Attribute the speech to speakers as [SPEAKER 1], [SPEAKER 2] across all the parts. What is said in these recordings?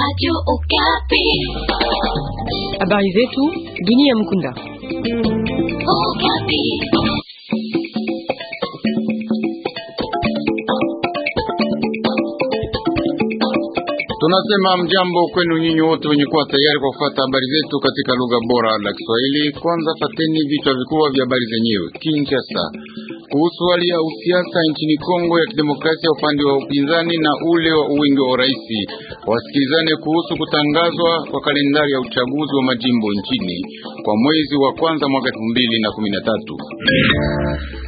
[SPEAKER 1] Radio Okapi.
[SPEAKER 2] Habari zetu dunia mkunda.
[SPEAKER 1] Okapi.
[SPEAKER 3] Tunasema mjambo kwenu nyinyi wote wenye kuwa tayari kwa kufuata habari zetu katika lugha bora la Kiswahili. Kwanza fateni vichwa vikubwa vya habari zenyewe. Kinshasa kuhusu hali ya usiasa nchini Kongo ya Kidemokrasia upande wa upinzani na ule wa uwingi wa urais, wasikilizane kuhusu kutangazwa kwa kalendari ya uchaguzi wa majimbo nchini kwa mwezi wa kwanza mwaka elfu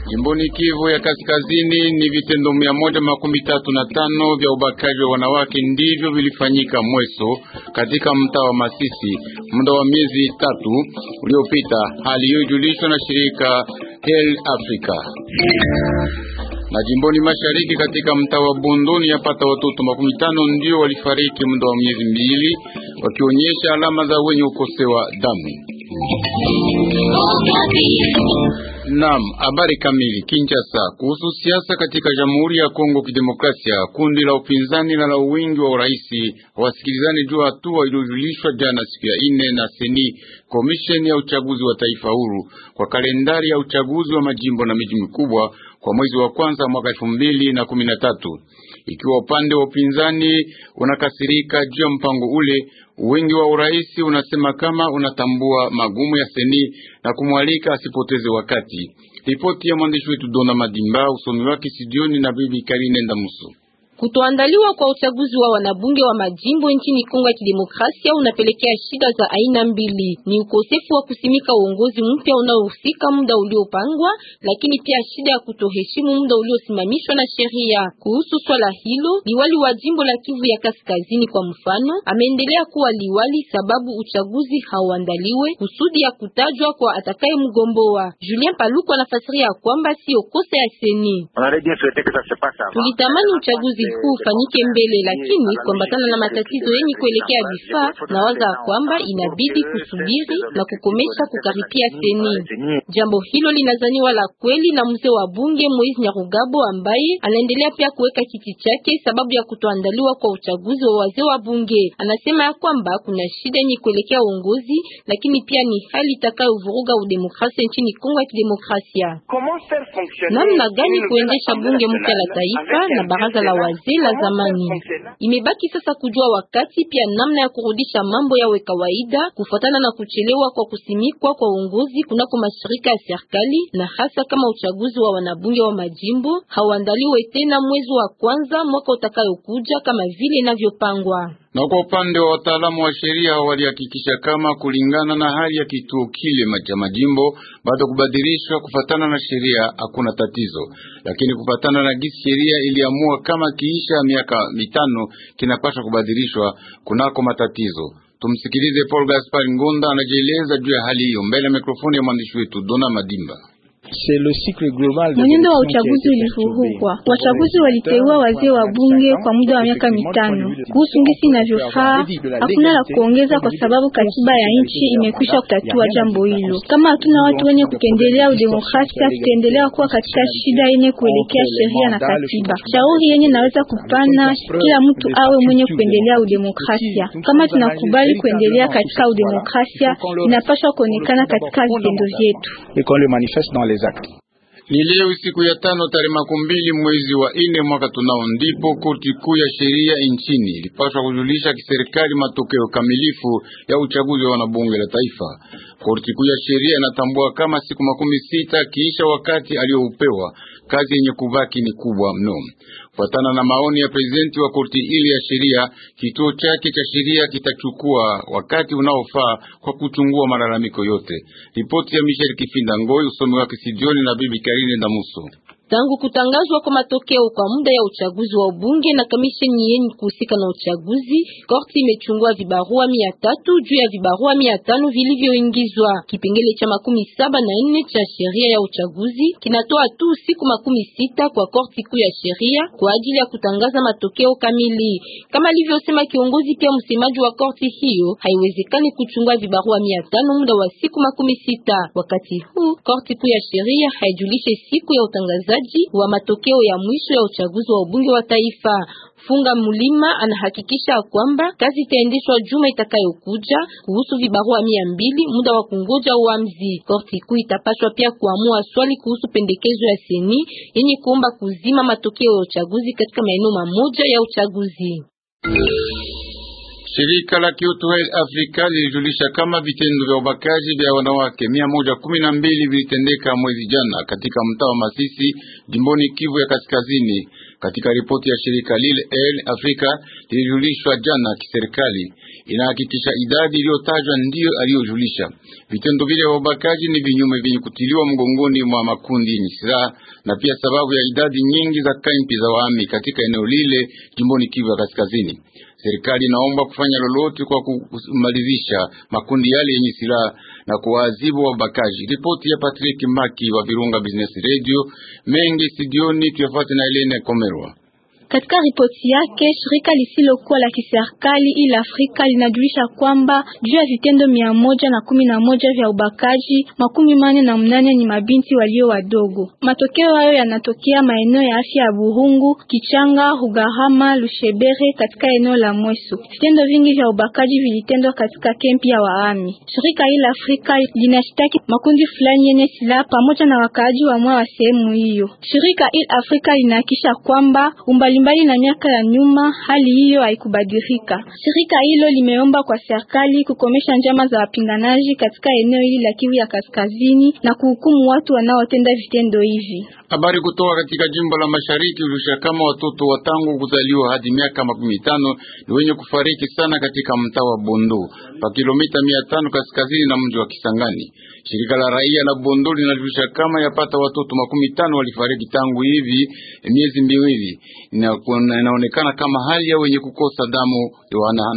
[SPEAKER 3] Jimboni Kivu ya Kaskazini ni vitendo mia moja makumi tatu na tano vya ubakaji wa wanawake ndivyo vilifanyika Mweso katika mtaa wa Masisi muda wa miezi tatu uliopita, hali hiyo ilijulishwa na shirika Tel Africa. Na jimboni mashariki katika mtaa wa Bondoni, yapata watoto makumi tano ndio walifariki muda wa miezi mbili, wakionyesha alama za wenye ukosewa damu. Naam, habari kamili. Kinshasa, kuhusu siasa katika Jamhuri ya Kongo Kidemokrasia, kundi la upinzani na la uwingi wa uraisi wasikilizani juu hatua iliyojulishwa jana siku ya ine na seni komisheni ya uchaguzi wa taifa huru kwa kalendari ya uchaguzi wa majimbo na miji mikubwa kwa mwezi wa kwanza mwaka elfu mbili na kumi na tatu. Ikiwa upande wa upinzani unakasirika juu ya mpango ule, wingi wa urais unasema kama unatambua magumu ya seni na kumwalika asipoteze wakati. Ripoti ya mwandishi wetu Dona Madimba, usomi wake studioni na bibi Karine Ndamuso.
[SPEAKER 2] Kutoandaliwa kwa uchaguzi wa wanabunge wa majimbo nchini Kongo ya Kidemokrasia unapelekea shida za aina mbili: ni ukosefu wa kusimika uongozi mpya unaohusika muda uliopangwa, lakini pia shida ya kutoheshimu muda uliosimamishwa na sheria. Kuhusu swala hilo, liwali wa jimbo la Kivu ya Kaskazini kwa mfano ameendelea kuwa liwali sababu uchaguzi hauandaliwe kusudi ya kutajwa kwa atakaye mgomboa. Julien Paluku anafasiria kwamba sio kosa ya seni, tulitamani uchaguzi huu ufanyike mbele, lakini kuambatana na matatizo yenye kuelekea vifaa na waza kwamba inabidi kusubiri na kukomesha kukaripia seni. Jambo hilo linazaniwa la kweli na mzee wa bunge Moise Nyarugabo ambaye anaendelea pia kuweka kiti chake sababu ya kutoandaliwa kwa uchaguzi wa wazee wa bunge. Anasema ya kwamba kuna shida yenye kuelekea uongozi, lakini pia ni hali itakayovuruga udemokrasia nchini Kongo ya Kidemokrasia.
[SPEAKER 4] Namna gani kuendesha bunge mpya la taifa na baraza la wazee wazee la zamani.
[SPEAKER 2] Imebaki sasa kujua wakati pia namna ya kurudisha mambo yawe kawaida kufuatana na kuchelewa kwa kusimikwa kwa uongozi kunako mashirika ya serikali na hasa kama uchaguzi wa wanabunge wa majimbo hauandaliwe tena mwezi wa kwanza mwaka utakayokuja kama vile inavyopangwa.
[SPEAKER 3] Na kwa upande wa wataalamu wa sheria walihakikisha kama kulingana na hali ya kituo kile cha majimbo bado kubadilishwa kufatana na sheria hakuna tatizo, lakini kufatana na gisi sheria iliamua kama kiisha miaka mitano kinapaswa kubadilishwa kunako matatizo. Tumsikilize Paul Gaspar Ngunda anajieleza juu ya hali hiyo mbele ya mikrofoni ya mwandishi wetu Dona Madimba. Mwenendo wa uchaguzi
[SPEAKER 1] ulivurugwa. Wachaguzi waliteua wazee wa bunge kwa muda wa miaka mitano. Kuhusu ngisi inavyofaa, hakuna la kuongeza, kwa sababu katiba ya nchi imekwisha kutatua jambo hilo. Kama hatuna watu wenye kupendelea udemokrasia, tutaendelea kuwa katika shida yenye kuelekea sheria na katiba. Shauri yenye naweza kupana kila mtu awe mwenye kuendelea udemokrasia. Kama tunakubali kuendelea katika udemokrasia, inapaswa kuonekana katika vitendo vyetu. Exact.
[SPEAKER 3] Ni leo siku ya tano tarehe makumi mbili mwezi wa ine mwaka tunao, ndipo koti kuu ya sheria nchini ilipaswa kujulisha kiserikali matokeo kamilifu ya uchaguzi wa wanabunge la taifa. Koti kuu ya sheria inatambua kama siku makumi sita kiisha wakati aliyoupewa, kazi yenye kubaki ni kubwa mno. Kufuatana na maoni ya prezidenti wa korti ili ya sheria, kituo chake cha sheria kitachukua wakati unaofaa kwa kuchungua malalamiko yote. Ripoti ya Michel Kifinda Ngoi, usomi wake sijioni na bibi Karine Damuso.
[SPEAKER 2] Tangu kutangazwa kwa matokeo kwa muda ya uchaguzi wa ubunge na kamisheni yenye kuhusika na uchaguzi, korti imechungua vibarua mia tatu juu ya vibarua mia tano vilivyoingizwa. Kipengele cha makumi saba na nne cha sheria ya uchaguzi kinatoa tu siku makumi sita kwa korti kuu ya sheria kwa ajili ya kutangaza matokeo kamili. Kama alivyosema kiongozi pia msemaji wa korti hiyo, haiwezekani kuchungua vibarua mia tano muda wa siku makumi sita. Wakati huu korti kuu ya sheria haijulishe siku ya utangazaji utangazaji wa matokeo ya mwisho ya uchaguzi wa ubunge wa taifa. Funga Mulima anahakikisha kwamba kazi itaendeshwa juma itakayokuja kuhusu vibarua mia mbili muda wa kungoja uamzi. Korti kuu itapaswa pia kuamua swali kuhusu pendekezo ya seni yenye kuomba kuzima matokeo ya uchaguzi katika maeneo mamoja ya uchaguzi.
[SPEAKER 3] Shirika la kiutu Health Africa lilijulisha kama vitendo vya ubakaji vya wanawake mia moja kumi na mbili vilitendeka mwezi jana katika mtaa wa Masisi jimboni Kivu ya Kaskazini. Katika ripoti ya shirika lile l Africa lilijulishwa jana kiserikali, inahakikisha idadi iliyotajwa ndiyo aliyojulisha. Vitendo vile vya ubakaji ni vinyume vyenye kutiliwa mgongoni mwa makundi yenye silaha na pia sababu ya idadi nyingi za kampi za wami katika eneo lile jimboni Kivu ya Kaskazini. Serikali inaomba kufanya lolote kwa kumalizisha makundi yale yenye silaha na kuwaadhibu wabakaji. Ripoti ya Patrick Maki wa Virunga Business Radio mengi studioni tuyafuate na Elena Komerwa.
[SPEAKER 1] Katika ripoti yake, shirika lisilokuwa la kiserikali ila Afrika linajulisha kwamba juu ya vitendo mia moja na kumi na moja vya ubakaji makumi manne na mnane ni mabinti walio wadogo. Matokeo hayo yanatokea maeneo ya afya ya Burungu, Kichanga, Rugarama, Lushebere katika eneo la Mweso. Vitendo vingi vya ubakaji vilitendwa katika kempi ya Waami. Shirika ila Afrika linashitaki makundi fulani yenye silaha pamoja na wakaaji wa mwa wa sehemu hiyo. Shirika ila Afrika linahakisha kwamba umbali mbali na miaka ya nyuma, hali hiyo haikubadilika. Shirika hilo limeomba kwa serikali kukomesha njama za wapinganaji katika eneo hili la Kivu ya Kaskazini na kuhukumu watu wanaotenda vitendo hivi.
[SPEAKER 3] Habari kutoka katika jimbo la Mashariki ulisha kama watoto watangu kuzaliwa hadi miaka makumi tano ni wenye kufariki sana katika mtaa wa Bondo pa kilomita mia tano kaskazini na mji wa Kisangani. Shirika la raia la Bondo linajulisha kama yapata watoto makumi tano walifariki tangu hivi miezi miwili. Inaonekana kama hali ya wenye kukosa damu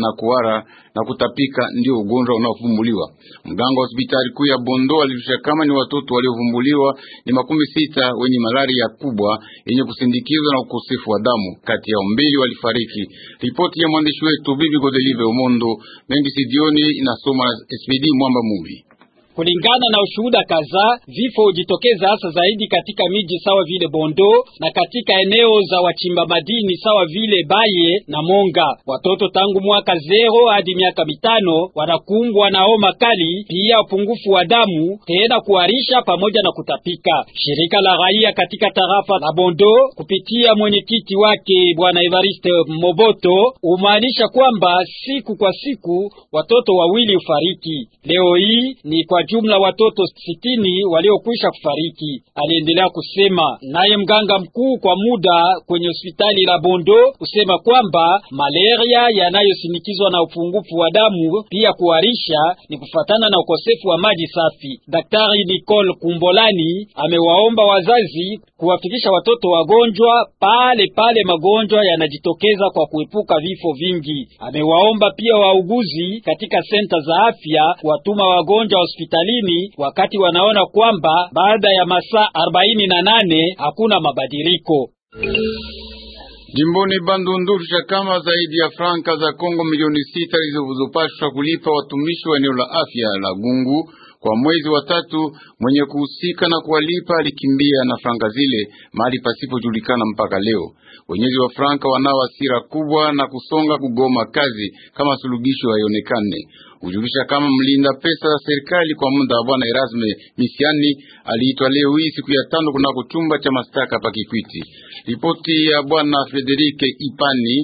[SPEAKER 3] na kuwara na kutapika ndio ugonjwa unaovumbuliwa. Mganga wa hospitali kuu ya Bondo alijulisha kama ni watoto waliovumbuliwa ni makumi sita wenye malaria kubwa yenye kusindikizwa na ukosefu wa damu, kati yao mbili walifariki. Ripoti ya mwandishi wetu Bibi Godelive Omondo Mengi Sidioni inasoma SPD Mwamba Mubi.
[SPEAKER 4] Kulingana na ushuhuda kadhaa, vifo hujitokeza hasa zaidi katika miji sawa vile Bondo na katika eneo za wachimba madini sawa vile Baye na Monga. Watoto tangu mwaka zero hadi miaka mitano wanakumbwa na homa kali, pia upungufu wa damu, tena kuharisha pamoja na kutapika. Shirika la raia katika tarafa la Bondo kupitia mwenyekiti wake Bwana Evariste Moboto umaanisha kwamba siku kwa siku watoto wawili ufariki. Leo hii ni kwa jumla watoto sitini waliokwisha kufariki, aliendelea kusema. Naye mganga mkuu kwa muda kwenye hospitali la Bondo kusema kwamba malaria yanayosinikizwa na upungufu wa damu pia kuharisha ni kufatana na ukosefu wa maji safi. Daktari Nicole Kumbolani amewaomba wazazi kuwafikisha watoto wagonjwa pale pale magonjwa yanajitokeza kwa kuepuka vifo vingi. Amewaomba pia wauguzi katika senta za afya kuwatuma wagonjwa hospitali hospitalini wakati wanaona kwamba baada ya masaa nane hakuna mabadiliko. Jimboni Bandundusha, kama zaidi ya franka za Kongo milioni
[SPEAKER 3] sita zilizopashwa kulipa watumishi wa eneo la afya la Gungu kwa mwezi wa tatu, mwenye kuhusika na kuwalipa alikimbia na franka zile mahali pasipojulikana mpaka leo. Wenyezi wa franka wanao hasira kubwa na kusonga kugoma kazi kama suluhisho haionekane kujulisha kama mlinda pesa za serikali kwa muda wa bwana Erasme Misiani aliitwa leo hii siku ya tano kunako chumba cha mashtaka pa Kikwiti. Ripoti ya bwana Frederike Ipani.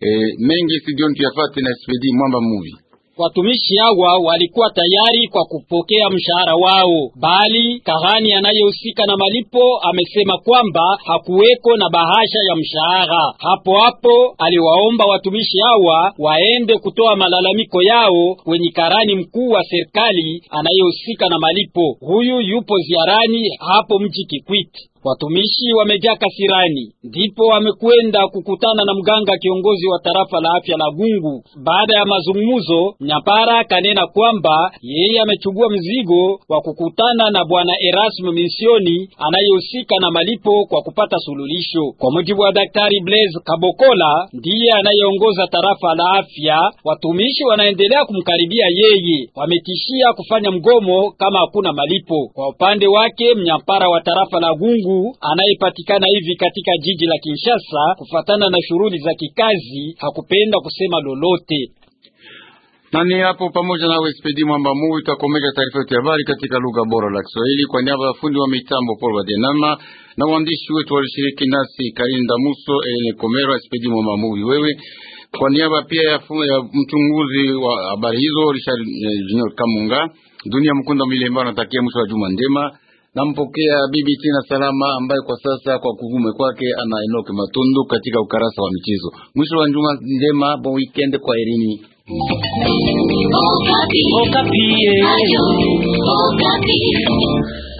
[SPEAKER 3] Eh, mengi studioni tuyafate na spd mwamba muvi
[SPEAKER 4] Watumishi hawa walikuwa tayari kwa kupokea mshahara wao, bali karani anayehusika na malipo amesema kwamba hakuweko na bahasha ya mshahara. Hapo hapo aliwaomba watumishi hawa waende kutoa malalamiko yao kwenye karani mkuu wa serikali anayehusika na malipo. Huyu yupo ziarani hapo mji kikwiti Watumishi wamejaa kasirani, ndipo wamekwenda kukutana na mganga kiongozi wa tarafa la afya la Gungu. Baada ya mazungumzo, Nyapara kanena kwamba yeye amechukua mzigo wa kukutana na bwana Erasme Misioni anayehusika na malipo kwa kupata sululisho Kwa mujibu wa daktari Blaise Kabokola, ndiye anayeongoza tarafa la afya, watumishi wanaendelea kumkaribia yeye, wametishia kufanya mgomo kama hakuna malipo. Kwa upande wake, mnyapara wa tarafa la Gungu mkuu anayepatikana hivi katika jiji la Kinshasa kufatana na shughuli za kikazi hakupenda kusema lolote. Na ni hapo pamoja na Wespedi Mwamba Mungu itakomesha taarifa yetu ya habari katika lugha bora
[SPEAKER 3] la Kiswahili kwa niaba ya fundi wa mitambo Paul Wadenama na waandishi wetu walishiriki nasi Kalinda Muso, Elene Komero, Wespedi Mwamba Mungu wewe kwa niaba pia ya, ya mchunguzi wa habari hizo Richard eh, Junior Kamunga, dunia mkunda milemba, natakia mwisho wa juma njema. Nampokea bibi Tina Salama ambaye kwa sasa kwa kuvume kwake ana enoke Matundu katika ukarasa wa michezo. Mwisho wa njuma njema, bon weekend kwa Irini.
[SPEAKER 1] Okapi. Okapi. Okapi.